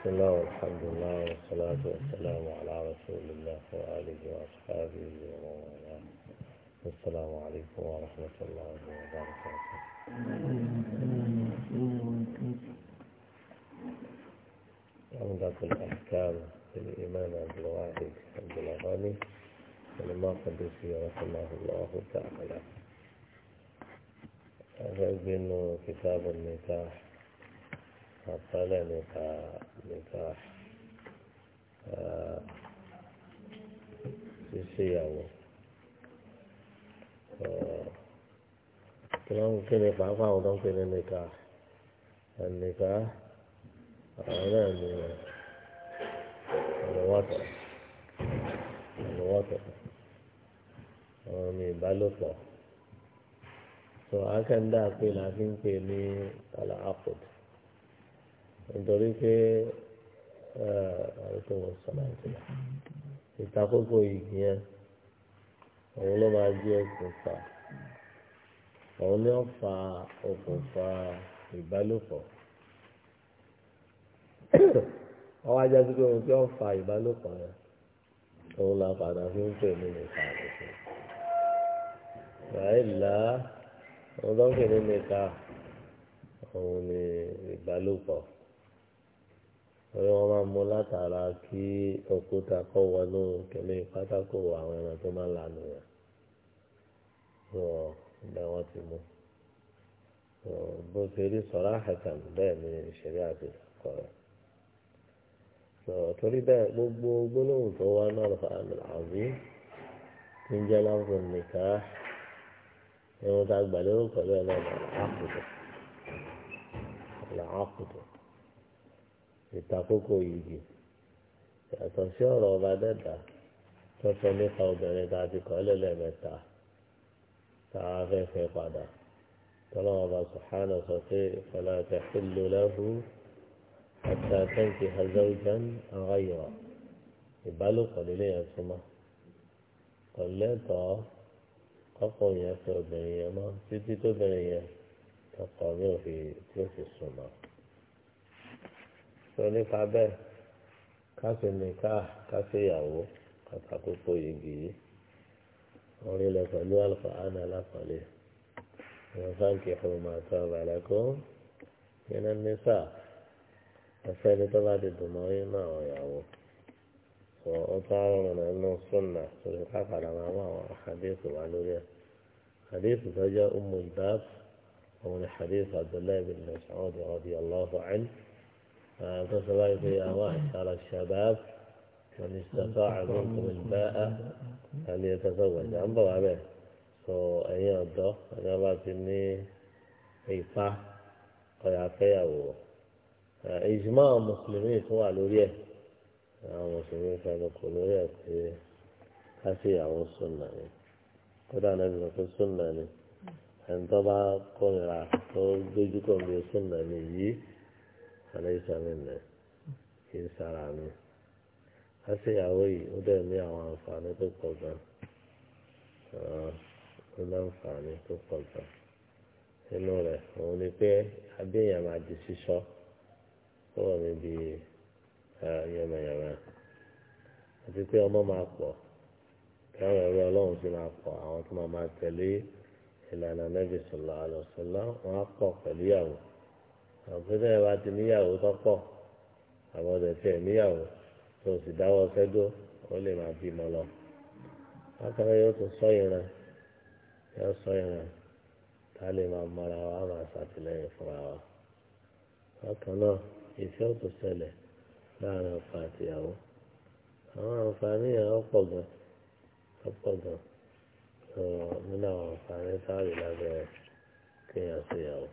بسم الله والحمد لله والصلاة والسلام على رسول الله وآله وأصحابه ومن والاه السلام عليكم ورحمة الله وبركاته عمدة الأحكام للإمام عبد الواحد عبد الغني قدسي رحمه الله تعالى هذا ابن كتاب النكاح masala nika nikah ṣíṣe ìyàwó kí wọ́n ń kí ni pàápàá àwọn tó ń pè ní nikah nikah àwọn náà ni ọ̀nàwọ́tọ̀ ọ̀nàwọ́tọ̀ àwọn ọmọ ìbálòpọ̀ tó akẹ́ńdà pé la fi ń pè ní àlàáfòtò nítorí pé eh, àrùkò wọn sọ̀rọ̀ àìsílẹ̀ ìtakókò igi yẹn òun ló máa jẹ́ okùnfà òun ni ó fa okùnfà ìbálòpọ̀ ọwọ́ ajá sí pé òun tí ó fa ìbálòpọ̀ yẹn òun la padà fi ń pè ní nìka àkókò ràìlá òun lọ́kè ní nìka òun ni ìbálòpọ̀ ọ̀rẹ́ wọn máa ń mú látara kí òkúta kọ́ wọnú kẹ̀mí pátákó àwọn ẹran tó máa ń lanu yẹn sọ ọ̀dà wọn ti mú bó ṣe rí sọ̀rọ̀ àhàtàn bẹ́ẹ̀ ni ìṣẹ̀lẹ̀ àti kọ̀rọ̀ sọ torí bẹ́ẹ̀ gbogbo gbólóhùn tó wá náà lọ́fà àbí tí ń jẹ́ láwùjọ nìkan ẹ̀rọ tá a gbà lérò pẹ̀lú ẹ̀ náà làákùtù làákùtù ìtakókò yìí yàtọ̀ sí ọ̀rọ̀ ọba dẹ́ta tó sọ nípa obìnrin tá a ti kọ́ lẹ́lẹ́mẹ́ta tá a fẹ́ fẹ́ padà tọ́lọ́wọ́ bá sùhánà sọ pé fọlá tẹ̀ fílù lẹ́hu àti àtẹ́ǹkì hazaujan ọ̀gáyọ̀ ìbálòpọ̀ nílé yẹn súnmọ́ kọ̀lẹ́tọ̀ ọkọ̀ yẹn fẹ́ obìnrin yẹn mọ́ títí tóbìnrin yẹn tọkọ̀ mi fi tí ó fi sùn sọ nípa bẹ́ẹ̀ káṣí nìka káṣí ìyàwó kàtàkùkọ yìgì yìí wọn rí lọ pẹ̀lú alùpàánù alápàlẹ́ wọn fáǹkì ọmọ àti ọbàlẹ́kọ́ yẹn náà ní sáà ẹsẹ́ni tó bá di dùnmọ́ yín náà àwọn ìyàwó sọ ọtọ́ àwọn ọ̀nà inú súnà kápàdà máa mú àwọn àdéhùn wá lórí ẹ̀ àdéhùn tó jẹ́ umu ìbáàbù òun ni àdéhùn Abdullahi bin Mas'ud radiyallahu anhu. فسواء يا معشر الشباب من استطاع منكم الباء فليتزوج عن بوابه سو أي أدو أنا باتني إيفا ويعفيا و إجماع مسلمين هو علوريه مسلمين mùsùlùmí kan kò lórí ẹ̀ pé ká sí في السنة، ni kódà náà sọ pé يجي. فليس منا kìí sára mi aṣèyàwó yìí ó dẹ̀ ní àwọn àǹfààní tó pọ̀ gan ó ní àǹfààní tó pọ̀ gan inú rẹ̀ òun ni pé abéèyàn máa di sísọ́ kúrò níbi yànmàyànmà àti pé ọmọ máa pọ̀ káwọn ẹ̀rọ ọlọ́run sì máa pọ̀ àwọn tó máa máa tẹ̀lé ìlànà nẹ́bí sallallahu alaihi wasallam wọ́n á pọ̀ pẹ̀lú ìyàwó àbúrò bẹ́ẹ̀ wá ti níyàwó tó pọ̀ àwọn ọ̀dẹ̀ tiẹ̀ níyàwó tó sì dáwọ́ sẹ́dó ó lè máa bímọ lọ. látàrí yóò tún sọ ìran yóò sọ ìran tá a lè máa mọra wa á máa ṣàtìlẹ́yìn fúnra wa. bákan náà ìfẹ́ ò tún ṣẹlẹ̀ láàrin ọkọ àtìyàwó àwọn àǹfààní yẹn ọ̀pọ̀ gan ọ̀pọ̀ gan nínú àwọn àǹfààní sáà rí kéèyàn ṣèyàwó.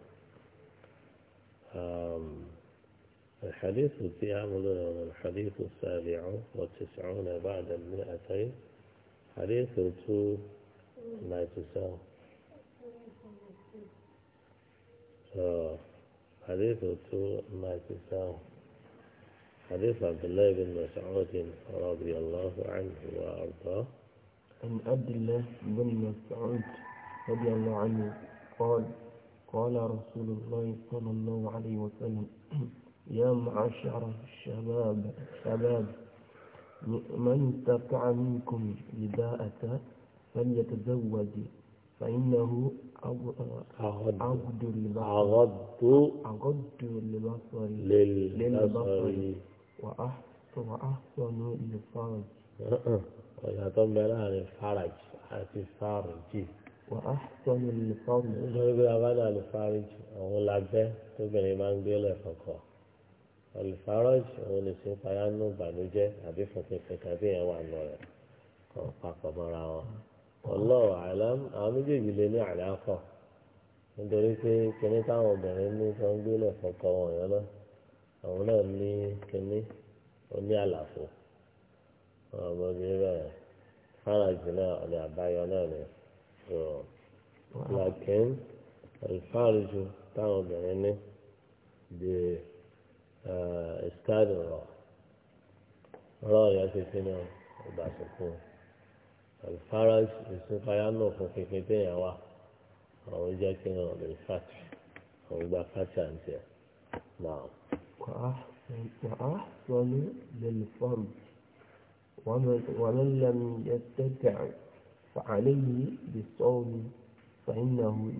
الحديث تعاملنا الحديث السابع والتسعون بعد المئتين حديث 297 آه، حديث 297 حديث عبد الله بن مسعود رضي الله عنه وأرضاه عن عبد الله بن مسعود رضي الله عنه قال قال رسول الله صلى الله عليه وسلم يا معشر الشباب شباب من تقع منكم لداءة فليتزوج فإنه عبد البصر للبصر للبصر وأحسن للفرج أه، أه. ويا طب الفرج الفرج wà á sọnù lùfọ́ọ̀mù. nítorí pé abáná àlùfáàrìjì àwọn làbẹ́ tóbìnrin máa ń gbé lẹ́kọ̀ọ̀kọ̀ àlùfáàrìjì àwọn lè ṣe payá nù ìbànújẹ́ àbí fòpinpin tàbí ẹ̀ wà nù rẹ̀ kọ̀ papọ̀ mọ́ra wọn. ọlọ́ọ̀ àlám àwọn méjèèjì lè ní àlàáfọ̀ nítorí pé kinní táwọn obìnrin ní sọ ń gbé lẹ́kọ̀ọ̀kọ̀ wọn yẹn náà àwọn náà ní kinní oní àlàfo ọmọdé bẹ́ẹ̀ fárajì náà ọ̀nà àbáyọ náà nìyẹn làkẹ́ń alifáàrìjù táwọn obìnrin ní di ẹ̀sítárì eh, rọ̀ rọ̀ yẹn ti fi ní ọgbà sọ̀kún alifáàrìjù ìsúnfàyà náà fún kékeré téèyàn wá àwọn jẹ́ kí wọ́n lè fàtì àwọn gba fàtì àǹtí ẹ̀ náà. وأحسن للفرد ومن لم يستطع وعليه بالصوم فإنه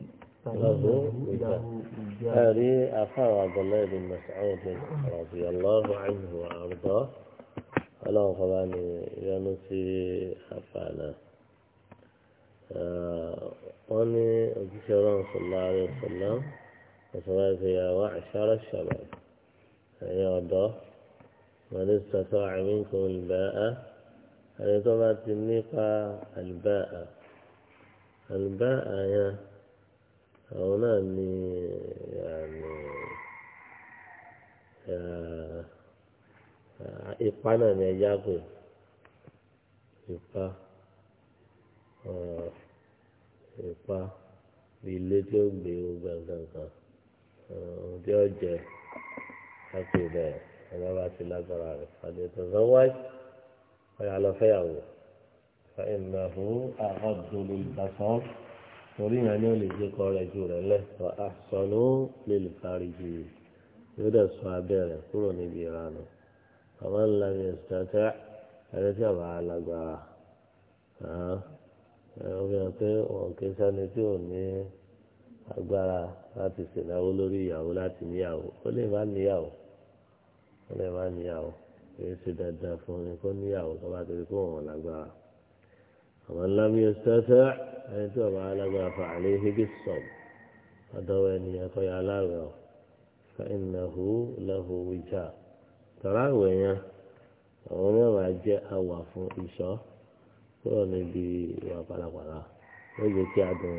له له هذه أخاه عبد الله بن مسعود رضي الله عنه وأرضاه ألا طبعا ينسي حفانا آه، أني ذكر صلى الله عليه وسلم وصليت يا وعشر الشباب يا الله من استطاع منكم الباء ẹni tó bá ti nípa àlùbáà àlùbáà yẹn àwọn náà ní àmì ipa náà ní ẹja pè ipa ipa ilé tí ó gbé gbogbo nǹkan kan ohun ká pè bẹ́ẹ̀ ẹ bá ti lágbára rẹ̀ àdètò sanwó-àìsàn ọ̀yà lọ fẹ́yàwó fẹ́yìnàhó àgọ́dọ̀ lè gbàsọ́ torí yẹn ni ó lè jẹ́ kọ́ rẹ̀ jù rẹ̀ lẹ̀ wà á sọnù lè lè kárí jù yóò dẹ̀ sọ abẹ́ rẹ̀ kúrò níbi ìranù àwọn ńlá mi ìsìtẹ́tẹ́ ẹni tí àbá alágbára ó fi hàn pé wọn kì í sani tí ò ní agbára láti ṣèlú lórí ìyàwó láti níyàwó ó lè má níyàwó ó lè má níyàwó kìí ṣe dandan fún ẹni kó níyàwó tó bá torí kó wọn lágbára àwọn ńlámi ẹsẹsẹ ẹni tí ọba alágbára fà àlẹ hígí sọm ọdọwọ ẹni ẹkọ ya aláwẹ ọ fẹ ìnáwó lẹhó wíjà tọrọ àwẹ yẹn àwọn mẹwàá jẹ àwà fún ìṣọ kúrò níbi ìwà pàlàpàlà wọn kí adùn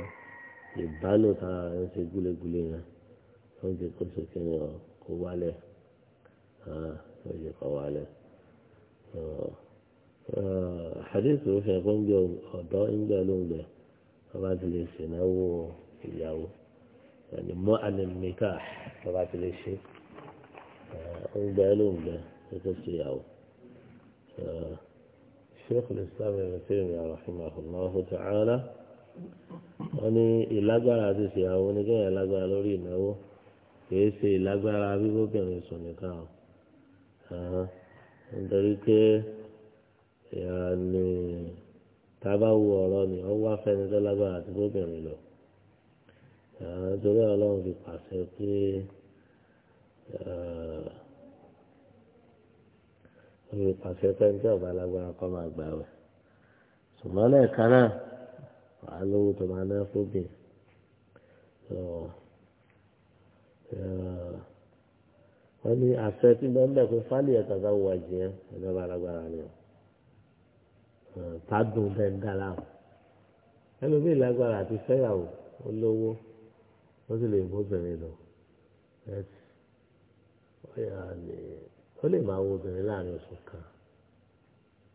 ìbálò tara ṣe gúlegúle yẹn wọn kó sókè yẹn kó wálẹ̀ oye kọ wálẹ̀ hadith ló fi ẹ̀kọ́ ń gbé ọ̀dọ́ ń gbé ló ń gbé ọba ti lè ṣe náwó ìyàwó ẹni mọ́ àlẹ́mìíkà ọba ti lè ṣe ń gbé ló ń gbé tó ṣe ìyàwó. شيخ الإسلام ابن تيمية رحمه الله تعالى wọ́n ní ìlágbára ti ṣe àwọn oníkẹ́yìn ìlágbára lórí ìnáwó kìí ṣe ìlágbára bíbókèrè sùn nìkan o nítorí pé ìhànì tábà wu ọ̀rọ̀ ni ó wá fẹ́ni tó lágbára àti bóbìnrin lọ. nítorí ọlọ́run fi pàṣẹ pé fi pàṣẹ pé ní ọba lágbára kọ́ máa gbà wẹ̀. ṣùgbọ́n lẹ́ẹ̀kan náà wàá lówó tó máa ná fóbìn. 呃。Uh wọ́n ní àṣẹ tí bẹ́ẹ̀ bẹ́ẹ̀ pé fálì ẹ̀ tàbí wọ̀ jẹ́ ẹ̀dọ́ bá lágbára ni ọ̀ tádùn bẹ́ẹ̀ ń dá láàmú ẹlòmíì lágbára àti fẹ́yàwó olówó ó sì lè bóbìnrin lọ ó lè máa wo obìnrin láàrin oṣù kan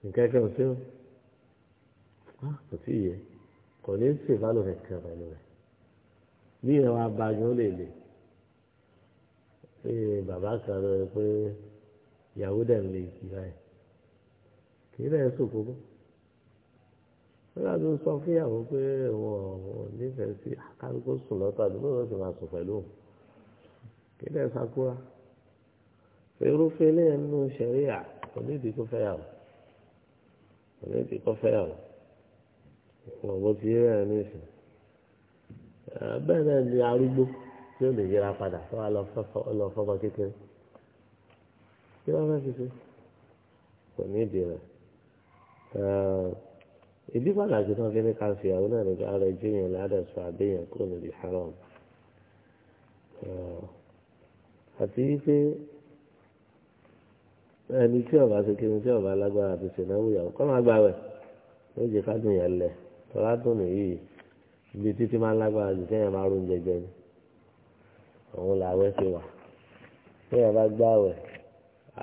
nǹkan kan sí ó kò tí ì yẹ kò ní í kan pẹ̀lú rẹ̀ bí ẹ wá bá yín ó lè lè ee bàbá kan lọ rẹ pé ìyàwó dẹ̀ ń lè kí báyìí kì í lẹ́yìn sòkò mọ́ nígbà tó sọ fún ìyàwó pé wọn ò nífẹ̀ẹ́ sí akálùkò sùn lọ́tọ̀ àdúgbò wọn sì máa sùn pẹ̀lú òun kì í lẹ́yìn sakura irúfẹ́ lẹ́yìn nínú sẹ̀ríà kò ní ìdí kò fẹ́yàwó wọn bó ti rí ní ìsìn bẹ́ẹ̀ náà ni arúgbó tí ó lè yíra padà tó wà lọ fọ́kọ kékeré kí wọ́n fẹ́ fi ṣe kò ní ìdí rẹ̀ ìdí pàtàkì náà fi ní ká fi àwọn náà nípa ara ẹjọ́ yẹn ládàsọ àbẹ́yẹn kúrò níbi haram àti wípé ẹni tí ọba ṣe kí ni tí ọba lágbára àti ṣènáwó yàwó kọ́ máa gbà wẹ̀ ó jẹ ká dùn yẹn lẹ̀ tọ́lá dùn nìyí ibi títí máa lágbára jù kẹ́yìn máa ronú jẹjẹ òun làwẹ̀ ti wà bí ẹ bá gbàwẹ̀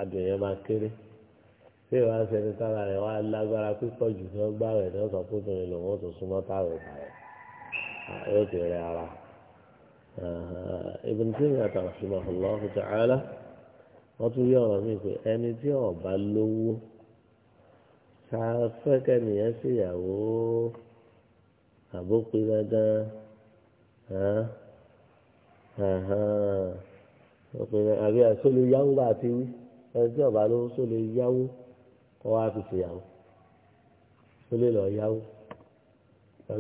adùn yẹn máa kéré bí ẹ bá sẹni tára rẹ wá lágbára pípọ̀ jù ní ọgbàwẹ̀ ní ọ̀sán fúnfún ni lòun ó tún súnmọ́ táwẹ̀ bàrẹ̀ yóò ti rẹ ara. Ibn Taymiyyah rahimahullahu ta'ala wọ́n tún rí ọ̀rọ̀ mi pé ẹni tí ọ̀bá lówó sáfẹ́kẹ́ nìyẹn síyàwó àbópin dandan ọ̀pẹ̀rẹ̀ àbí àsọlẹ̀ yáwó bá ti wí ẹni tí ọ̀bá ló sọlẹ̀ yáwó kọ́ wá fi ṣèyàwó sọlẹ̀ lọ yáwó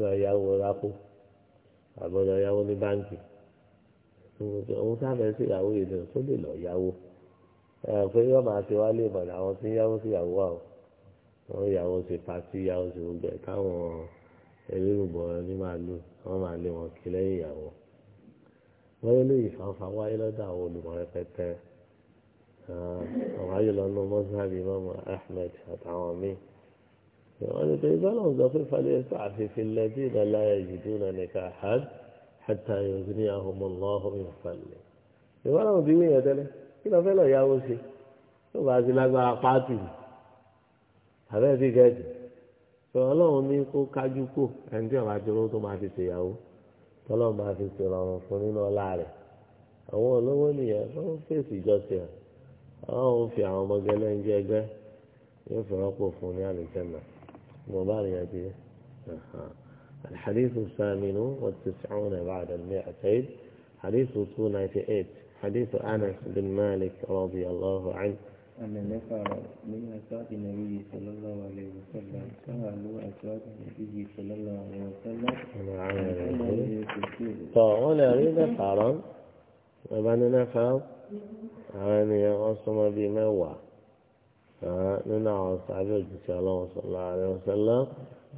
lọ yáwó rákò àbọ̀ lọ yáwó ní báńkì òun sáfẹ́ ṣèyàwó yìí lọ sọlẹ̀ lọ yáwó pé yóò máa ṣe wálé ìbàdàn àwọn tí ń yáwó síyàwó wa o wọn yàwó ṣe pàtí yàwó ṣe gbogbo káwọn ẹlẹ́rùbọ̀ ni máa lò wọ́n máa lé wọn kí lẹ́yìn ìyàwó wọ́n yẹ lóye fanfa wáyé lọ́dọ̀ àwọn olùmọ̀ rẹpẹtẹ àwọn ayé lọ́nà mọ́sáàbí mọ́mọ́ Ahmed àtàwọn míì wọ́n ní pé ìbálò ń sọ pé falẹ̀ ẹ̀sọ́ àfihàn lẹ́dí ìdálàyé ìdú náà nìkan àhán àti àyọ̀sí ní ahọ́mọ́ lọ́hùn ìfàlẹ̀ ìbálò ń bí wíyàn tẹ́lẹ̀ kí lọ fẹ́ lọ yáwó ṣe tó bá ti lágbára pátì àbẹ́ẹ̀ bí gẹ̀ẹ́sì sọ ní kó kájú kò ẹni tí tọ́lọ́run máa fi ṣèrànwọ́ fún nínú ọlá rẹ̀ àwọn olówó nìyẹn tó ń fèsì ìjọsìn àwọn òun fi àwọn ọmọ gẹ́lẹ́ ń jẹ ẹgbẹ́ yóò fi rọ́pò fún ní àlùjẹ́nà mo bá rìn àjẹ الحديث الثامن والتسعون بعد المئتين حديث 298 حديث أنس بن مالك رضي الله عنه أن نفر من أصحاب النبي صلى الله عليه وسلم سألوا أصحاب النبي صلى الله عليه وسلم طاولا رضا حرام وبعد نفر عن يعصم بموع nínú àwọn sàbẹ̀ òjìṣẹ́ ọlọ́run sọ̀lá àrẹ ọ̀sẹ̀lá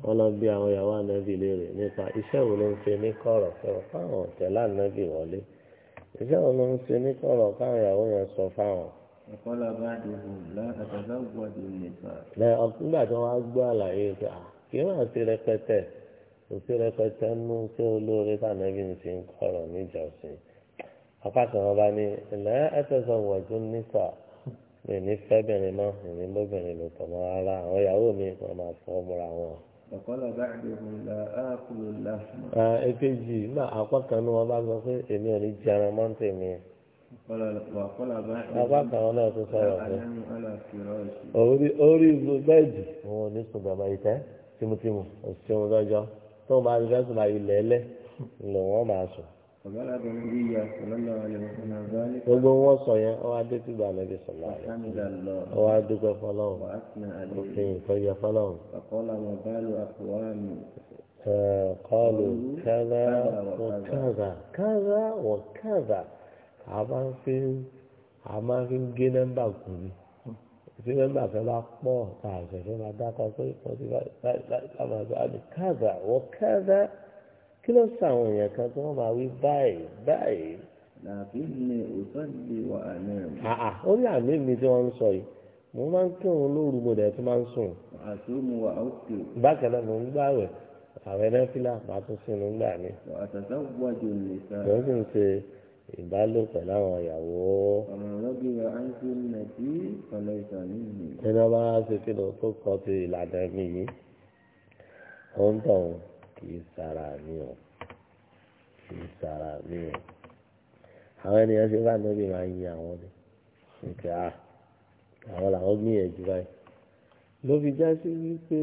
wọn lọ bí àwọn ìyàwó ànábì léèrè nípa iṣẹ́ wo ló ń ṣe ní kọ̀rọ̀ fẹ́ràn fáwọn ọ̀tẹ̀ láàánábì wọlé iṣẹ́ wo ló ń ṣe ní kọ̀rọ̀ fáwọn ìyàwó yẹn sọ fáwọn ọ̀kọ́lá bá dùn lá àtàzáwọ́dù nìkan. ẹ nígbà tí wọ́n á gbọ́ àlàyé pé ah, kí wọ́n àti rẹpẹtẹ òsì rẹpẹtẹ nú sí olóore tànàbí ní ti ń kọ̀rọ̀ níjọsìn apá wọn bá ní lẹ́ àtàzáwọ́dù nìkan mi ní fẹ́bìnrin mọ́ ìní bóbìnrin ló tọ̀ mọ́ ara àwọn ìyàwó mi wọ́n máa fọ́ mọ́ra wọn. ọ̀kọ́lá bá dùn lá àkùrù láfún bàbá kan náà tó sọ̀rọ̀ pé orí bẹ́ẹ̀dì òun ò ní sùn bàbá yìí tẹ́ tímútímù òṣìṣẹ́ wọn lọ́jọ́ tó máa ń fẹ́ sùn máa ilẹ̀ ẹlẹ́ lòun ọ̀ máa sùn. Gbogbo wọn sọ yẹn, ọ wá dé tí gba àlejò sọ̀lá rẹ̀. Ọ wá dúpẹ́ fọlọ́run. Òfin ìtọ́jú fọlọ́run. Kọ́ọ̀lù kẹ́rẹ́ wọ̀kẹ́rẹ́ kẹ́rẹ́ wọ̀kẹ́rẹ́ a máa ń fi a máa ń fi gé nọ́mbà kù ni tí nọ́mbà kan bá pọ̀ tá a ṣẹ̀ṣẹ̀ máa dákọ̀ pé wọ́n ti láwọn àgbà àmì káàdà wọ́n káàdà kí ló sọ àwọn èèyàn kan tí wọ́n máa wí báyìí báyìí. làbí ni òótọ́ di wà ní ẹ̀mí. ó ní àmì mi tí wọ́n ń sọ yìí mo máa ń kírun lóru mo dẹ̀ tún máa ń sùn. àti mo wà ó kè. bákan náà mo ń gbààwẹ̀ àwẹ̀ náà fílà màá tún sínú gbà mí. àtàtà wájú nìkan. mo sì ń ṣe ìbálò pẹ̀lú àwọn ìyàwó. ẹni ọba ṣe kí ló tó kọ ti ìlànà mi yìí ó ń tàn kì í sara mi o kì í sara mi o àwọn ènìyàn ṣe bá níbi máa yin àwọn ni nǹkan à àwọn làwọn gbìyànjú báyìí ló fi já sí wípé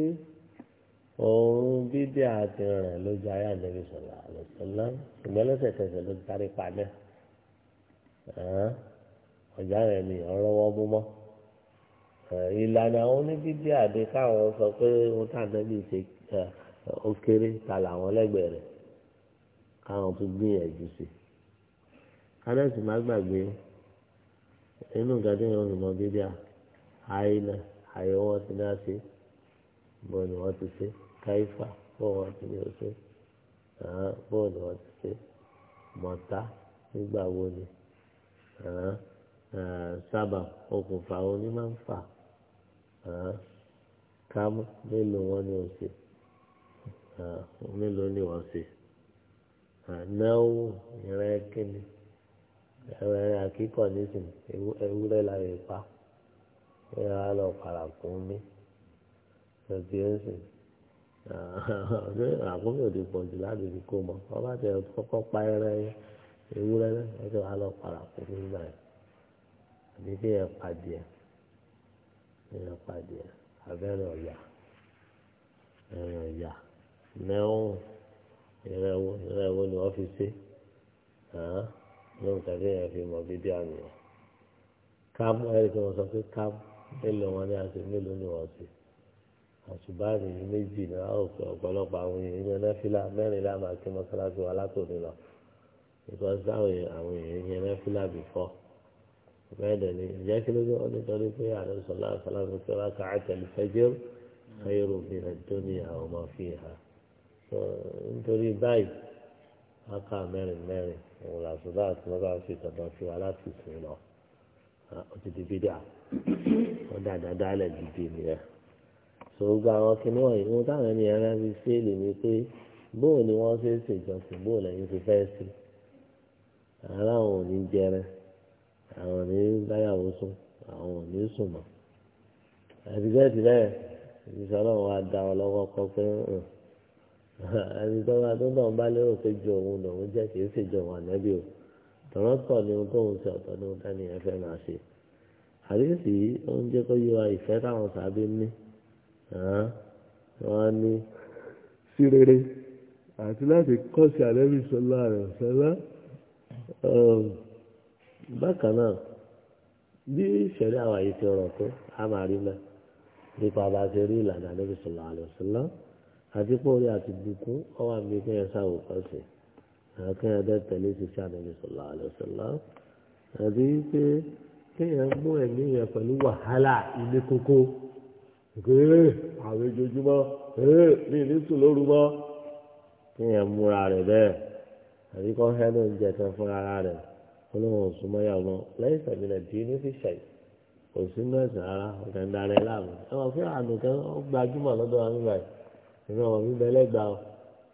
òun bídé àti rìn lójú ayé àdébísọ̀lá àlọ́sọ̀lá ṣùgbọ́n lẹ́sẹ̀kẹsẹ̀ ló sáré pa náà. ọ̀já yẹn ni ọ̀rọ̀wọ́ mú mọ́ ìlànà àwọn oníbíbí àdé káwọn sọ pé wọn ṣe ó kéré ta làwọn lẹ́gbẹ̀ẹ́ rẹ̀ káwọn tún gbìyànjú sí i kárẹ́sì má gbàgbé inú gàdé yẹn olùmọ̀ bíbí à àìnà àyẹ̀wò náà ṣe ti ṣe wọn ti ní ti ṣe mọ̀tá nígbà sábà okùnfà oní máa ń fà kámú mélòó wọn ni òsè mélòó ni wọn sè náwó ìrẹ kíni ẹrẹ àkíkọ nísìn ewúrẹ́ la lè pa ẹrẹ á lọ parakùn mi ẹbí ẹsìn àkúnmí ò ti pọ̀ jù láti fi kó mọ ọba tẹ kọ́kọ́ pa ẹrẹ yẹn ewúrẹ́ náà wọ́n ti wá lọ para kó fún gbà yẹn àbí kí ẹ pàdé ẹ ẹ pàdé ẹ abẹ́rẹ́ ọ̀yà ẹ̀rìn ọ̀yà mẹ́rùn ìrẹ́wó ìrẹ́wó ni wọ́n fi ṣe lóun tàbí èèyàn fi mọ̀ bí bí àmì ẹ̀ kámú ẹ̀rí kí wọ́n sọ pé kámú mélòó wọn ni a ṣe mélòó ni wọ́n ṣe àṣùbáàmì méjì ni a ò pé ọ̀pọ̀lọpọ̀ àwọn èèyàn ní ẹlẹ́fílà mẹ́rin láàmà kí mọ́sálásí wa látòní lọ. because dáwọn àwọn èèyàn yẹn lẹ́fílà bìfọ́ bẹ́ẹ̀ dẹ̀ ìjẹ́ kí ló dé wọ́n nítorí pé àdéhùsọ̀lá àfọlábí pé wọ́n ká àtẹ̀lé fẹ́jọ́ ayérò bìnrin tó ní àwọn ọmọ fi nítorí báyìí aka mẹ́rin mẹ́rin òun làṣọdá àti lọ́ba fi tọ̀dọ̀ fi wá láti sìn lọ ó ti di bídà wọ́n dáadáa dálẹ̀ dídì nìyẹn so gba àwọn kinní wọ̀nyí wọn táwọn ẹni ẹran fi ṣe é lè ní pé bóò ni wọ́n ṣe é ṣèjọsìn ara àwọn ò ní jẹrẹ àwọn ò ní báyàwó sùn àwọn ò ní sùn mọ́ àti bẹ́ẹ̀ ti bẹ́ẹ̀ ìṣẹ́ ọlọ́run wa da ọ lọ́wọ́ kọ pé ẹni tó bá tó náà bá lérò pé ju òun lòun jẹ́ kì í sì ju òun ànábì o tọ̀rọ̀tọ̀ ni ohun tóun ṣe ọ̀tọ̀ ni ohun tẹ́ni yẹn fẹ́ máa ṣe àdéhùsì yìí ó ń jẹ́ kó yíwa ìfẹ́ táwọn sàbí ní wọ́n ní sí rere àti láti kọ́ sí ànábì sọ́lá rẹ̀ sọ́lá bákan náà bí ìṣẹ̀lẹ̀ àwọn àyè ti rọ̀ tó a máa rí mẹ́ nípa bá a ṣe rí ìlànà níbi sọ̀rọ̀ àlùsílá àti pòórí àti bùkún ọwọ́ àmì kẹ́yẹ sáwò kan sí àwọn kẹ́yẹ dẹ́ tẹ̀lé ti ṣe àdébí sọ̀rọ̀ àlùsílá àti pé kẹ́yẹ mú ẹ̀mí yẹn pẹ̀lú wàhálà ilé kókó gbé àwọn ojoojúmọ́ ní sùn lóru mọ́ múra rẹ̀ bẹ́ẹ̀ àbí kọ́ fẹ́ ló ń jẹ tán fún ara rẹ̀ olóhùn òsùnmọ́yà ọmọ lẹ́yìn sàbílẹ̀ tí ní fi ṣàì kò sí mẹ́sàn ara ọ̀gá ń darẹ̀ láàmú ẹwà fún àánú kan ó gbajúmọ̀ lọ́dọ̀ wa nígbà yìí ìran ọ̀rọ̀ mi bẹ́lẹ́gbà ọ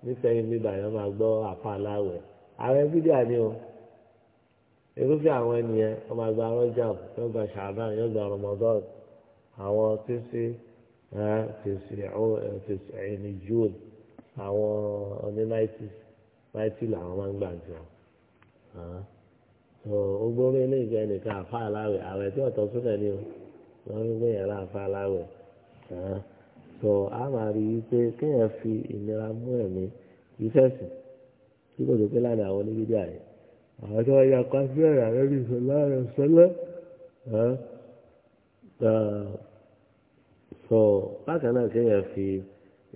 nísẹ̀yìn nígbà yẹn máa gbọ́ àfa aláwẹ̀ ààrẹ fídíà ni o irúfẹ́ àwọn ènìyàn ọmọ àgbà rọ́jà yóò gba ṣàbàn yóò gba rọmọdọ́n àwọn tí sí tẹ̀sí ẹ̀ẹ́nì june àwọn oní 90s fáìtì làwọn máa ń gbà jù ọ ogbóró eléyìí ẹnìkan àfa aláwẹ̀ àwẹ̀ tí ọ̀tọ̀ súnlẹ̀ ni o wọ́n ń gbé yàrá àfa aláwẹ̀ tó a máa rí i pé kéèyàn fi ìnira mú ẹ̀mí ìfẹ́sìn tí kò tó pé lánàá àwọn onígídé àyè àwọn tí wọ́n yà pa sí ẹ̀rà rẹ̀ ní ìṣọ̀lá rẹ̀ sọ́lẹ̀ tó bákan náà kéèyàn fi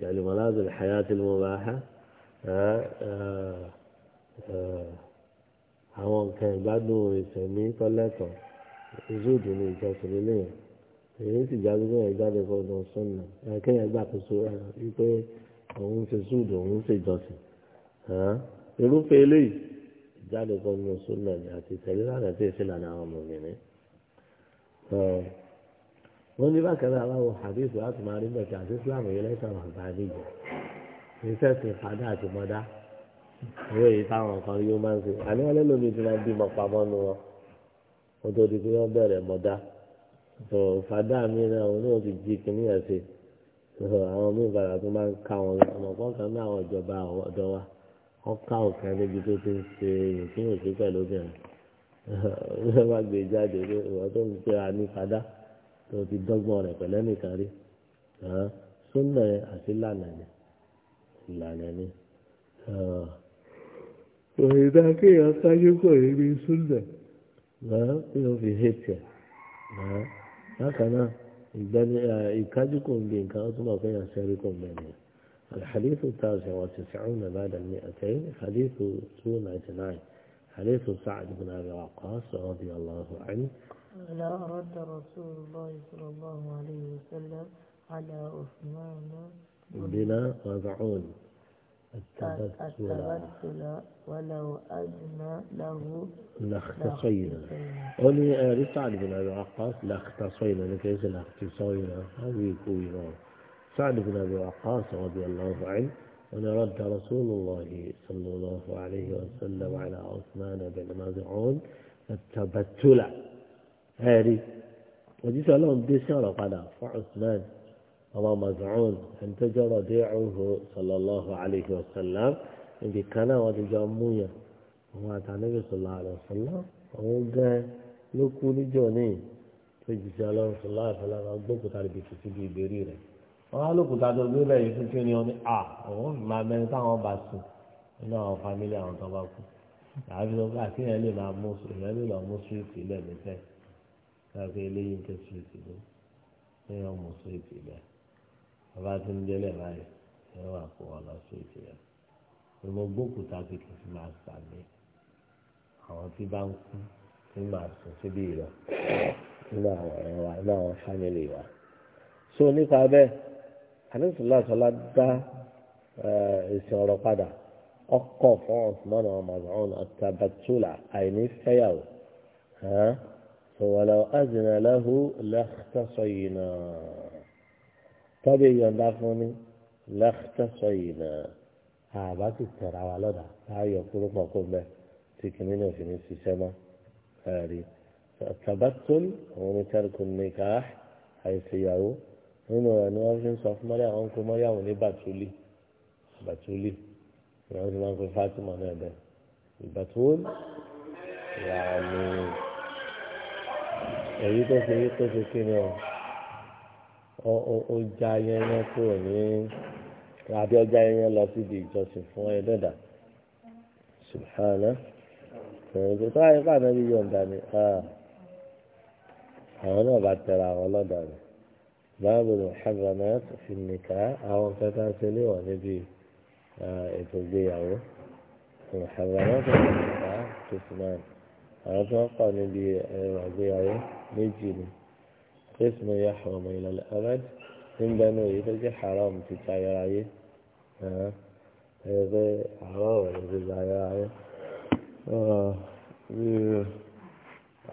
yàlùmọ́lá àti ìhàyà tìlùmọ́ bá a àwọn nǹkan ìgbádùn ìsẹ̀mí tọ́lẹ́tọ̀ zúùdù ní ìjọsìn lílé yẹn èyí sì jáde bí wọn jáde fọdún sọnà kéèyàn gbàkóso wípé òun ṣe zúùdù òun ṣe ìjọsìn irúfẹ́ eléyìí ìjáde fọdún sọnà àti ìtẹ̀lé lánàá tí èsì lànà àwọn ọmọbìnrin wọn ní bákan náà aláwọ àdéhùn láti máa rí bẹ̀tẹ̀ àti islam yìí lẹ́sàn-án àgbáyé iṣẹ́ sì padà àti mọ́dá ìwé yìí táwọn kan yóò máa ń ṣe àní wọn lélòmí tí wọn bímọ pamọ́ nu wọn kó tó di pé wọn bẹ̀rẹ̀ mọ́dá tó fàdá mi náà òun náà ti jí kínní ẹ̀ ṣe àwọn míì padà tó máa ń ká wọn lọ ọmọ kọ́kàn ní àwọn ìjọba ọ̀dọ́ wa wọ́n ká òkan níbi tó ti ń ṣe ìrìnkí òsì pẹ̀lú obìnrin wọ́n bá gbé jáde pé ìwọ́n tó ń pera ní fàdá tó ti dọ́gbọ́n rẹ̀ pẹ̀lẹ́nìkan rí sọ́nà àti lànà العنانين آه. وإذا كي يرتاج يقول يبين سلدة ما في هيتك ما هكنا يبين يكاج بين كأطمع كي يشاركم بينه الحديث التاسع وتسعون بعد المئتين حديث سونة تنعي حديث سعد بن أبي وقاص رضي الله عنه لا أرد رسول الله صلى الله عليه وسلم على عثمان بلا خاضعون التبتل ولو أدنى له لاختصينا قولي سعد بن أبي وقاص لاختصينا لكيس لاختصينا هذه كوينا سعد بن أبي وقاص رضي الله عنه أن رد رسول الله صلى الله عليه وسلم على عثمان بن مزعون التبتل هاري وجيت لهم دي سنة قال فعثمان ọmọ mazun ẹni tó jọ rọ̀dí ọ̀hún sallallahu alayhi wa sallam níbi kan náà wọ́n ti jọ mú yàn àwọn àtàlẹ́bí sallallahu alayhi wa sallam àwọn gan ló kú níjọ ní tó jù sí ọlọ́run sallallahu alayhi wa sallam àwọn gbókùtà níbi kìí síbi ìbéèrè rẹ̀ wọ́n á lókùtà tó gbé lẹ́yìn fún kí ni wọ́n ní à àwọn máa mẹ́rin táwọn bá sùn nínú àwọn fámílì àwọn tó bá kú àbí lọ bá kí yẹn máa mú èèyàn lọ mú síwìtì lẹ́ẹ̀mẹ́fẹ́ káàkiri eléyìí ń tẹ́ síwìtì lọ ní ọmọ síwìtì lẹ́ẹ̀ bàbá tó ń délẹ̀ báyìí ẹ wà kó wọn lọ sí ètò yẹn ìmọ̀ gbókùtà ti kì í fi máa sàmì àwọn tí bá ń kú ní máa sùn síbí ìlọ nínú àwọn ọ̀rẹ́ wa nínú àwọn fámìlì wa. so nípa bẹ́ẹ̀ àdéhùnsọ́lá dá èsì ọ̀rọ̀ padà ọkọ̀ fún ọ̀sùnmọ́nà ọmọdún àtàbàtúlà àìní fẹ́yàwó sọ̀wọ́lọ́ àzìnà lẹ́hu lẹ́tọ̀sọ̀yìn náà tọ́jú ìyọ̀ǹda fún ni lẹ́kítẹ́sọ yìí náà àbá ti tẹ̀ra wa lọ́dà láàyò kúrúpọ̀ kó bẹ́ẹ̀ tí kìíní náà fi ní ṣiṣẹ́ mọ́ ẹ̀rí tabatul òun ni tẹ́rìkù nìkà àìsèyàwó nínú rẹ̀ ni wọ́n fi ń sọ fún mọ́lẹ́ àwọn kó mọ́lẹ́ àwọn ní bàtúlì bàtúlì ìyàwó ti máa ń pe Fatima náà bẹ́ẹ̀ ìbàtúl yàrá ni èyí tó ṣe èyí tó ṣe kí ni ọ̀ ó já yẹn yẹn kúrò ní àbí ọjà yẹn yẹn lọ síbi ìjọsìn fún ẹlẹ́dàá subhana ẹ̀rọ tó ayé pàdé bí yọ̀ǹda ni àwọn náà bá tẹ̀ra àwọn ọlọ́dà rẹ̀ báàbò ló hàbàmẹ́t fi nìka àwọn kẹta ṣe léwọ̀ níbi ètò ìgbéyàwó hàbàmẹ́t fi nìka tó fi náà àwọn tó ń pọ̀ níbi ẹ̀rọ ìgbéyàwó méjì ni. اسمه يحرم إلى الأبد من بنو يتجي حرام في تايراي ها هذا حرام في تايراي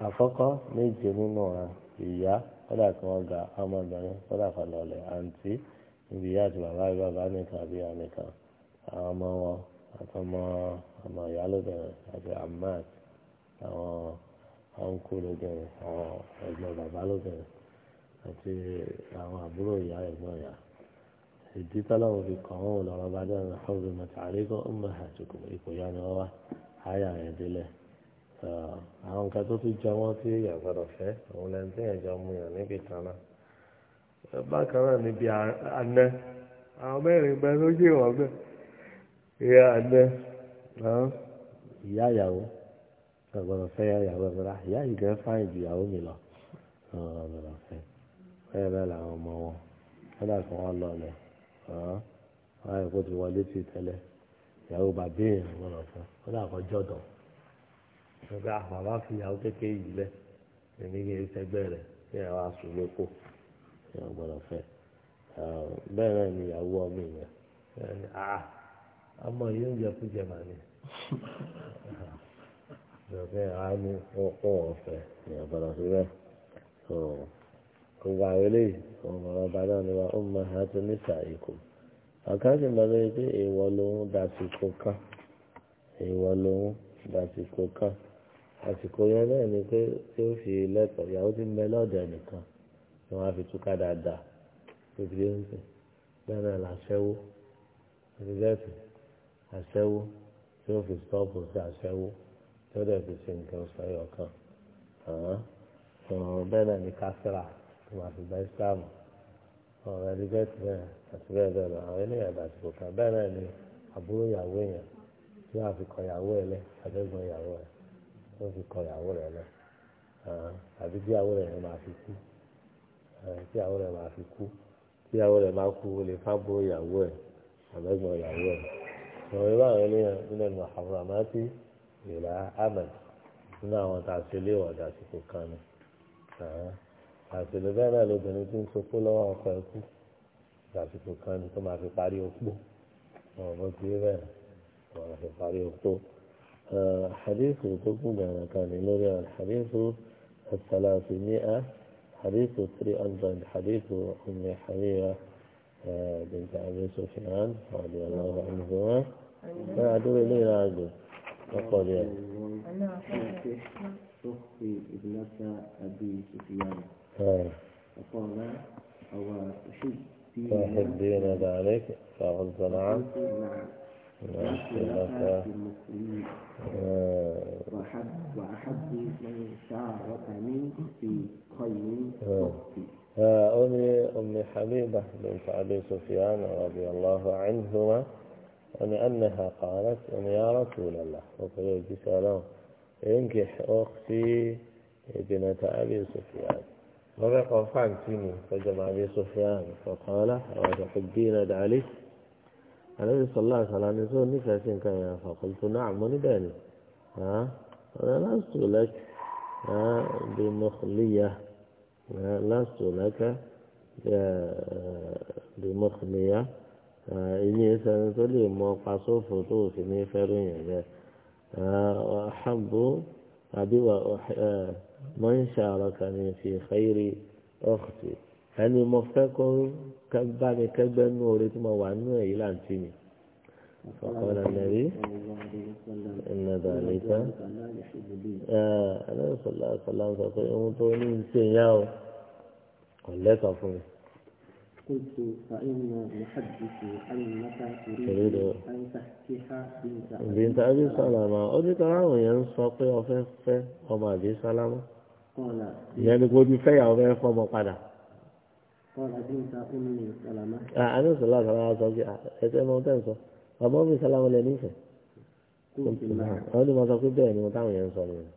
àkọ́kọ́ méje nínú ìyá kódà kí wọ́n ga ọmọbìnrin kódà kan lọlẹ̀ àǹtí níbi ìyá àti bàbá àti bàbá nìkan àbí ìyá nìkan àwọn ọmọ wọn àtọmọ ọmọ ìyá lóbìnrin àti amat àwọn ọ̀nkú lóbìnrin àwọn ẹ̀gbọ́n bàbá lóbìnrin. àti àwọn àbúrò ìyá ẹ̀gbọ́n ìyá ìdí tọ́lọ́wọ́ fi kàn wọ́n lọ́rọ́ bá dáná ọ̀rọ̀ mọ̀tàrígọ́ ọmọ àtùkù ipò yá ni wọ́n wá àyà rẹ̀ délẹ̀ àwọn nǹkan tó tún jọ wọ́n tí èèyàn gbọ́dọ̀ fẹ́ òun lẹ́nu tí èèyàn jọ mú yàn níbi kan náà bákan náà níbi àná àwọn mẹ́rin lójú ìwọ̀n ìyá àná ìyá ìyàwó fẹ́ ìyá ìyàwó ìyá ìgbẹ́ fáìn ìyàwó mi lọ fẹ́. bẹ́ẹ̀ bẹ́ẹ̀ làwọn ọmọ wọn kódà kí wọ́n lọ lẹ̀ ọ̀hún wọ́n á yẹ kó ti wọlé tì tẹ́lẹ̀ ìyàwó bàbá èèyàn wọn lọ fún kódà kó jọ̀dọ̀ nígbà ah, bàbá fi ìyàwó kékeré yìí lẹ̀ èmi kì í sẹ́gbẹ́ rẹ̀ kí ẹ wá sùn lóko kí gbọ́dọ̀ fẹ́ bẹ́ẹ̀ náà ni ìyàwó ọmọ èèyàn ah, ọmọ yìí ń jẹ kújẹ màá ní ìjọba ẹ̀ á ní ọkọ̀ ọ̀fẹ́ ìyàbọ̀dọ̀ síbẹ̀ gbogbo àwọn eléyìí àwọn bàbá bàbá ni wa ó máa ha tó níta èkó àkáǹtì máa lórí pé èèwọ̀ lòun dàsìkò kan èèwọ̀ lòun dàsìkò kan àsìkò yẹn náà ni pé tí ó fi lẹ́tọ̀ọ́ ìyàwó ti ń bẹ lọ́dọ̀ nìkan ni wọ́n á fi túká dáadáa tó ti ń sìn bẹ́ẹ̀ náà làṣẹ́wó ẹ̀rẹ́dẹ́sì àṣẹ́wó tí ó fi stọ́ọ̀pù sí àṣẹ́wó tí ó dẹ̀ fi ṣe nǹkan sọ̀yọ̀ kan bẹ́ẹ̀ náà ni káfíra tó máa fi ọ̀rọ̀ ẹni bẹ́ẹ̀ ti àti bẹ́ẹ̀ bẹ́ẹ̀ lọ àwọn eléyà àdàsìkò kan bẹ́ẹ̀ náà ni àbúrò ìyàwó èèyàn tí wàá fi kọ ìyàwó ẹ lẹ àbẹ́gbọ̀n ìyàwó ẹ tó fi kọ ìyàwó rẹ lẹ àbí tí ìyàwó rẹ yẹn máa fi kú tí ìyàwó rẹ máa fi kú tí ìyàwó rẹ máa kú o fábúrò ìyàwó ẹ àbẹ́gbọ̀n ìyàwó ẹ ọ̀rọ̀ ìwà àwọn eléyàn nílẹ̀ nù àfọ̀ràmátì ìlà àmẹ́ nínú àwọn tá a ṣe léwọ̀ àdàsìkò kan ni. àṣìlè bẹ́ẹ̀ náà lóbìnrin tí ń sopó lọ́wọ́ ọkọ ẹ̀kú àsìkò kan ni tó máa fi parí opó wọn bó ti rí bẹ́ẹ̀ wọn máa fi parí opó. حديث تكون بأن كان لوري الحديث الثلاثمائة حديث 300 حديث أم حبيبة بنت أبي سفيان رضي الله عنهما فأدور إلينا عنده وقال يعني أنا أخي ابنة أبي سفيان آه. وقال أو تحبين ذلك فقلت نعم نعم وأحب وأحب من شاركني في خير آه. آه، أمي أمي حبيبة بنت أبي سفيان رضي الله عنهما أن أنها قالت أن يا رسول الله وقالوا سلام انكح أختي ابنة أبي سفيان وبقى فانتيني فجمع أبي سفيان فقال وتحبين علي النبي صلى الله عليه وسلم يقول نكاسين كما فقلت نعم ونداني ها أنا لست لك بمخلية لست لك بمخلية إني سنتولي موقع صوف وطوف إني فرين وأحب أبي وأحب من شاركني في خير أختي ẹni mo fẹ́ kó bá mi kẹ́gbẹ́ nú orí tí mo wà nú èyí láǹtí mi fọkànlá nàbí ẹnìdà àlejò ẹ ẹ aláìsọlá sọlá ń sọ pé ohun tó ní í ṣe yá o kò lẹ́tọ̀ọ́ fún mi. قلت فإن يحدث أنك تريد أن تحكيها بنت بنت أبي سلمة أريد أن ينصقي وفيفي وما أبي سلمة قال يعني قلت في وفيفي وما قال قال بنت أمي سلمة أنا صلى الله عليه وسلم أتى موتين صلى أبو أبي سلمة لنيفي قلت نعم أولي ما تقول بيني وتعمل ينصقي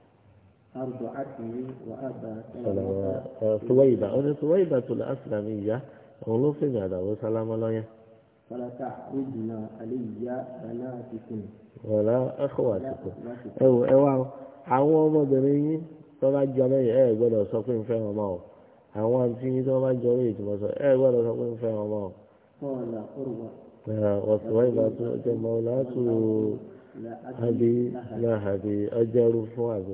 أرضعته وأبى ثويبة أنا ثويبة الأسلمية ولو في هذا وسلام الله فلا تحرجنا علي بناتكم ولا أخواتكم أو أو àwọn ọmọbìnrin yín tó bá jọ lẹ́yìn ẹ gbọ́dọ̀ sọ pé ń fẹ́ wọn mọ́ ọ àwọn àǹtí yín tó bá jọ lẹ́yìn tí mo sọ ẹ gbọ́dọ̀ sọ pé ń fẹ́ wọn mọ́ ọ. ọ̀sùnwá ìgbà tó ọjọ́ mọ́ látò àbí láhàbí ọjọ́rú fún àbí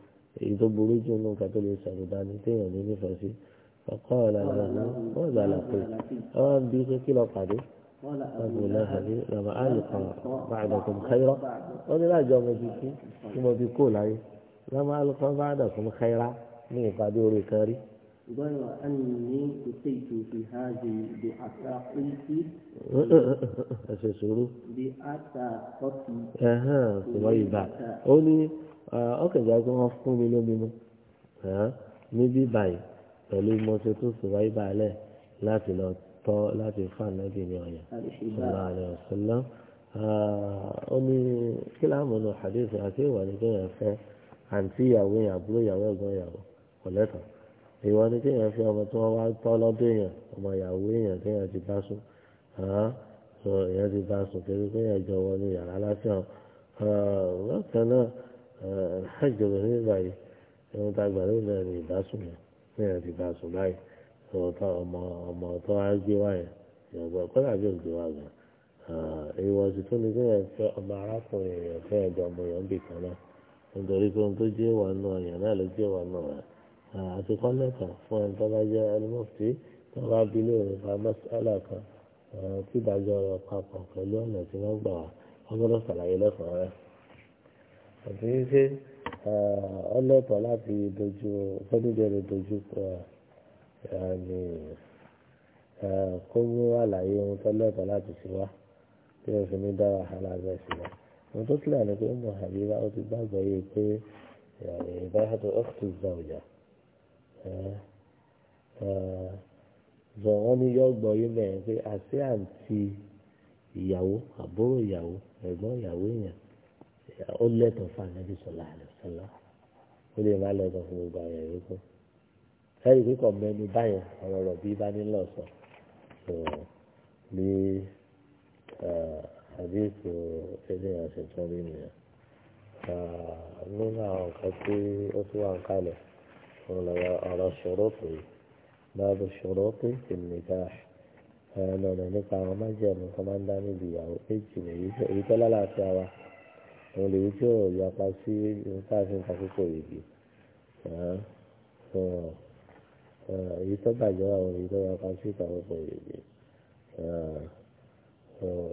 èyí tó burú jù nù ká tó lè ṣàbùdá ni téèyàn ní nífẹ̀ẹ́ sí ọkọ ọ̀làlà ní wọ́n gbà lápè àwọn bí pé kí lọ pàdé ọdún lẹ́hàdí làmà á lè kàn bàdàkùn kẹ́rọ́ wọ́n ní láàjọ ọmọ ti kú tí mo fi kó láyé làmà á lè kàn bàdàkùn kẹ́rọ́ ní ìpàdé orí kan rí. غير أني أتيت في هذه بأساقيتي بأساقيتي أها قريبة أني ọkàn ah, ìgbà pé wọ́n fún mi lómi mu ah, níbí báyìí pẹ̀lú mo ti tún sùn wáyé balẹ̀ láti lọ tọ́ láti fà nẹ́bí ní ọ̀yàn sọlá rẹ̀ ọ̀sọ́lá ó ní kíláàmù náà hadith àti ìwà ní kéèyàn fẹ́ àǹtí ìyàwó yẹn àbúrò ìyàwó ẹ̀gbọ́n ìyàwó kò lẹ́tọ̀ọ́ ìwà ní kéèyàn fẹ́ ọmọ tí wọ́n wá tọ́ lọ́dọ̀ èèyàn ọmọ ìyàwó èèyàn kéèyàn ti bá sùn èèyàn ti bá sùn kéèyàn ah, jọ wọnú hajj ló ní báyìí ẹ̀wọ̀n tá a gbà lóun náà ní ìbásùn yẹn náà ti bá báyìí ọmọ ọmọ tó wá gbé yẹn ìyàgbọ́ kọ́lá bí òjò wá gan ìwọ̀sì tó ní kí wọ́n fẹ́ ọmọ arákùnrin èèyàn fẹ́ ẹ̀dọ̀ ọmọ èèyàn bì kan náà nítorí pé ohun tó jẹ́ ìwà náà èèyàn náà ló jẹ́ ìwà náà àti kọ́lẹ́tà fún ẹni tó bá jẹ́ ẹlẹ́mọ̀tì tó bá bí lóore fa mọ́sálà kan tí ìdájọ́ rẹ̀ papọ̀ pẹ̀lú ọ̀nà tí wọ́n gbà wá ọgbọ́dọ̀ ṣàlàyé lẹ́kọ̀ọ́ rẹ̀ àti wípé ọlọ́tọ̀ láti dojú fọ́nìjẹ́rẹ́ dojú kọ ẹ̀ẹ́nì kó mú àlàyé ohun tó lẹ́tọ̀ láti fi wá tí o fi ní dá wàhálà bẹ́ẹ̀ sí wa ohun tó kílà ni pé mo hàbí bá ó ti gbàgbọ́ yìí pé ìbáhàtò ọ́kùtù zàwùjà zọ̀wọ́n ní yọ gbọ́ yìí mẹ́rin pé àti àǹtí ìyàwó àbúrò ìyàwó ẹ̀gbọ́n ìyàwó èèyàn ó lẹ́tọ̀ọ́ fún anabi sọlá àlùfọlá ó lè má lẹ́tọ̀ọ́ fún gbogbo àyà yòókù sẹ́yìn kíkọ̀ mẹ́nu báyẹn ọ̀rọ̀ rọ̀ bí bá nílò sọ ní eh, àdéhùn ẹgbẹ́ àṣetán nínú yẹn ah, nínú àwọn nǹkan tí ó tún wà ń kalẹ̀ ọ̀rọ̀ ṣòro pé báàbò ṣòro pé ìnìkà lọ́nà nípa àwọn májèmú tó níbi ìyàwó méjì èyí tó lálàáfíà wa òun lèyí tí ò yapa sí nípa fi ń kakókò yìí èyí tó bàjẹ́ àwọn èyí tó yapa sí kakókò yìí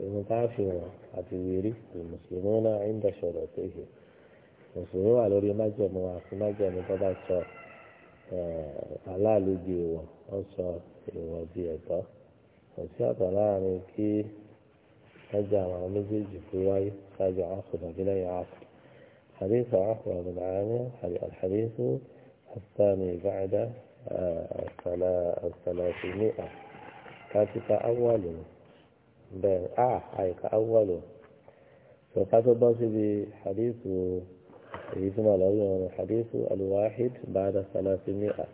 ìwọ̀n tá a fi hàn àti wírí mùsùlùmí náà ń dẹ̀sọ̀rọ̀ tó yẹ mùsùlùmí wà lórí májẹ̀mú àti májẹ̀mú tó bá sọ aláàlú di ìwọ̀ wọ́n sọ ìwọ̀ di ẹ̀tọ́ kò sí àtọ̀ láàrin kí. أجعل على مزيج في عاصفة حديث عقبة بن عامر الحديث الثاني بعد آه، الثلاثمائة كانت كأول بين آه أي كأول فقد بس بحديث يسمى له حديث الواحد بعد ثلاثمائة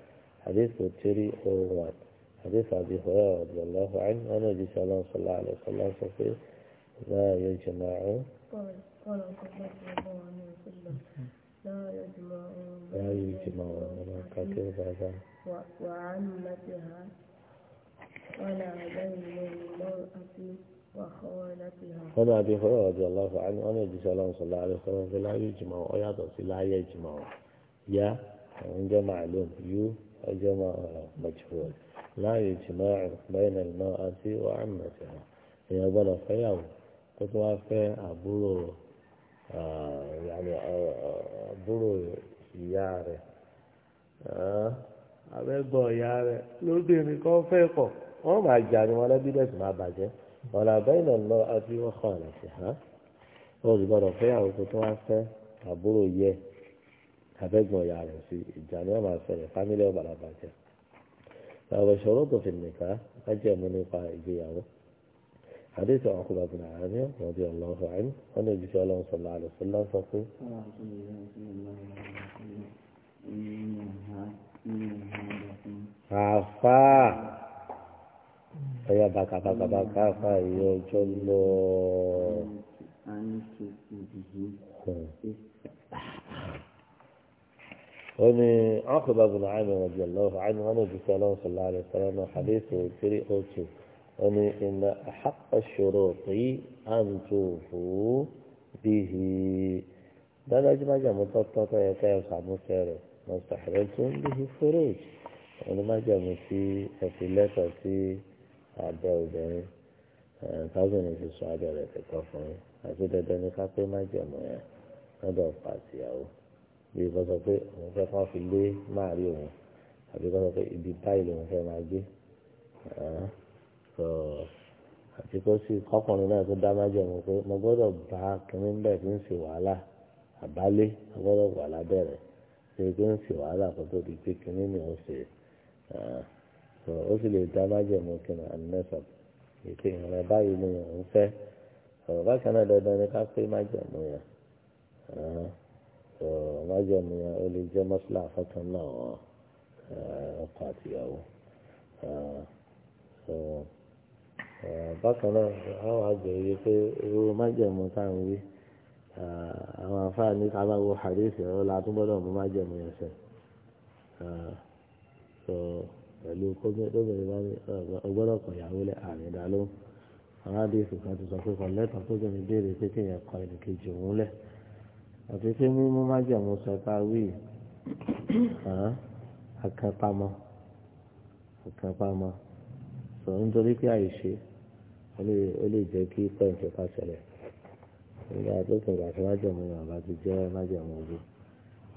حديث تري أو حديث أبي هريرة رضي الله عنه أنا جيش الله صلى الله عليه وسلم لا يجمع لا يجمع مناقته بعد وعمتها ولا بين المرأة وخالتها هنا بخير رضي الله عنه أنا جزاه الله صلى الله عليه وسلم لا يجمع ويضع لا يجمع يا عند معلوم يو جمع مجهول لا يجمع بين المرأة وعمتها هي ظرف فيا kó tó wá fẹ́ àbúrò àbúrò ìyá rẹ̀ abẹ́gbọ́ ìyá rẹ̀ lóbìnrin kan fẹ́ kọ̀ wọ́n máa jà ní wọn lẹ́bí bẹ́ẹ̀ sì máa bàjẹ́ ọ̀nà àbẹ́yìnà lọ àti wọ́n kọ̀ ọ̀nà sí hàn wọ́n sì gbọ́dọ̀ fẹ́ àwọn kó tó wá fẹ́ àbúrò yẹ abẹ́gbọ́ ìyá rẹ̀ sí ìjà ni wọ́n máa ṣẹlẹ̀ fámílì ọ̀bàlàbàjẹ́ àwọn ìṣòro tó fi nìkan á jẹ́ nípa ìgbéyàwó. حديث عقبة بن عامر رضي الله عنه أن النبي صلى الله عليه وسلم فقل عفا فيا بكا بكا بكا فيا جلو وني عقبة بن عامر رضي الله عنه أن النبي صلى الله عليه وسلم حديث 302 أن إن أحق الشروط أن توفوا به ده الأجمع جاء مطلطة يتيسع مساره ما استحرمتم به الخروج أنا ما جاء مسي في اللتا في عبا وداني تظن في السعادة لا تكفون أكيد داني خاطي ما جاء مياه هذا قاسي أو بيبصفي مفقا في الليل ما عليهم أبي بصفي إبي بايل مفقا ما so àti kó sì kọkùnrin náà tó dá májọ mọ pé mo gbọ́dọ̀ bá kínní ń bẹ tí ń ṣe wàhálà àbálé mo gbọ́dọ̀ wà lábẹrẹ ṣe pé ń ṣe wàhálà kó tó di pé kínní ni ó ṣe so ó sì lè dá májọ mọ kínní ànímẹsàn ètò ìrìnà báyìí ni òun fẹ́ ọ̀rọ̀ bákan náà dandan ni ká pé májọ mọ yẹn so májọ mọ yẹn ó lè jẹ mọṣílá àfọkàn náà ọkọ àtìyàwó so bákan náà àwọn àgbẹ̀ yìí pé irú májẹ̀mú táwọn wí àwọn afáàní ká máa wo hadith ẹ̀rọ la tún gbọ́dọ̀ mú májẹ̀mú yẹn sẹ́ sọ pẹ̀lú kóbìnrin bá ní ọgbọ́dọ̀ kọ̀ ìyàwó lẹ́ àmì ìdálóhùn àwọn àdéhùn kan ti sọ pé kọ̀ lẹ́tọ̀ kóbìnrin béèrè pé kéèyàn kọ ẹnìkejì òun lẹ̀ àti pé mímú májẹ̀mú sọ ta wí àkànpamọ́ àkànpamọ́ sọ nítorí pé àìṣe ó lè jẹ́ kí pẹ́ǹtì ká ṣẹlẹ̀ nígbà tó kàn gbà tí májèmú ni bàbá ti jẹ́ májèmú ojú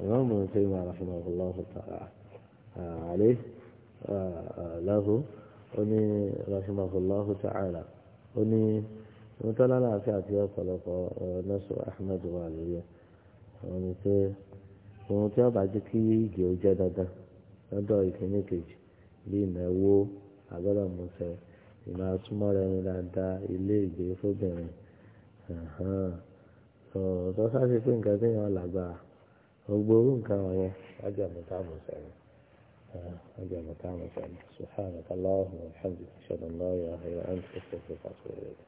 ìwọ́n mú un ṣe máa rà fún ọkọ̀ lọ́wọ́ tààrà àlẹ́ lọ́hùn ó ní rahimahu allahu ta'ala ó ní mutala láàfin àti ọ̀pọ̀lọpọ̀ nọ́ọ̀sù ahmed wà lórí ẹ̀ wọ́n ní pé ohun tí wọ́n bá jẹ́ kí ìgè ó jẹ́ dandan lọ́dọ̀ ìkíní kejì bíi ìnáwó agbọ́dọ̀ mú na ìmọ̀ àtúmọ̀ra ẹni dáadáa ilé ìgbé fóbìnrin tó sáṣe pé nǹkan tí èèyàn lágbára gbogbo orú nǹkan wọ̀nyẹn ajọ̀mọ̀ táàmù sẹ́ni ajọ̀mọ̀ táàmù sẹ́ni subhanaka Allahumma wa bihamdika ashhadu an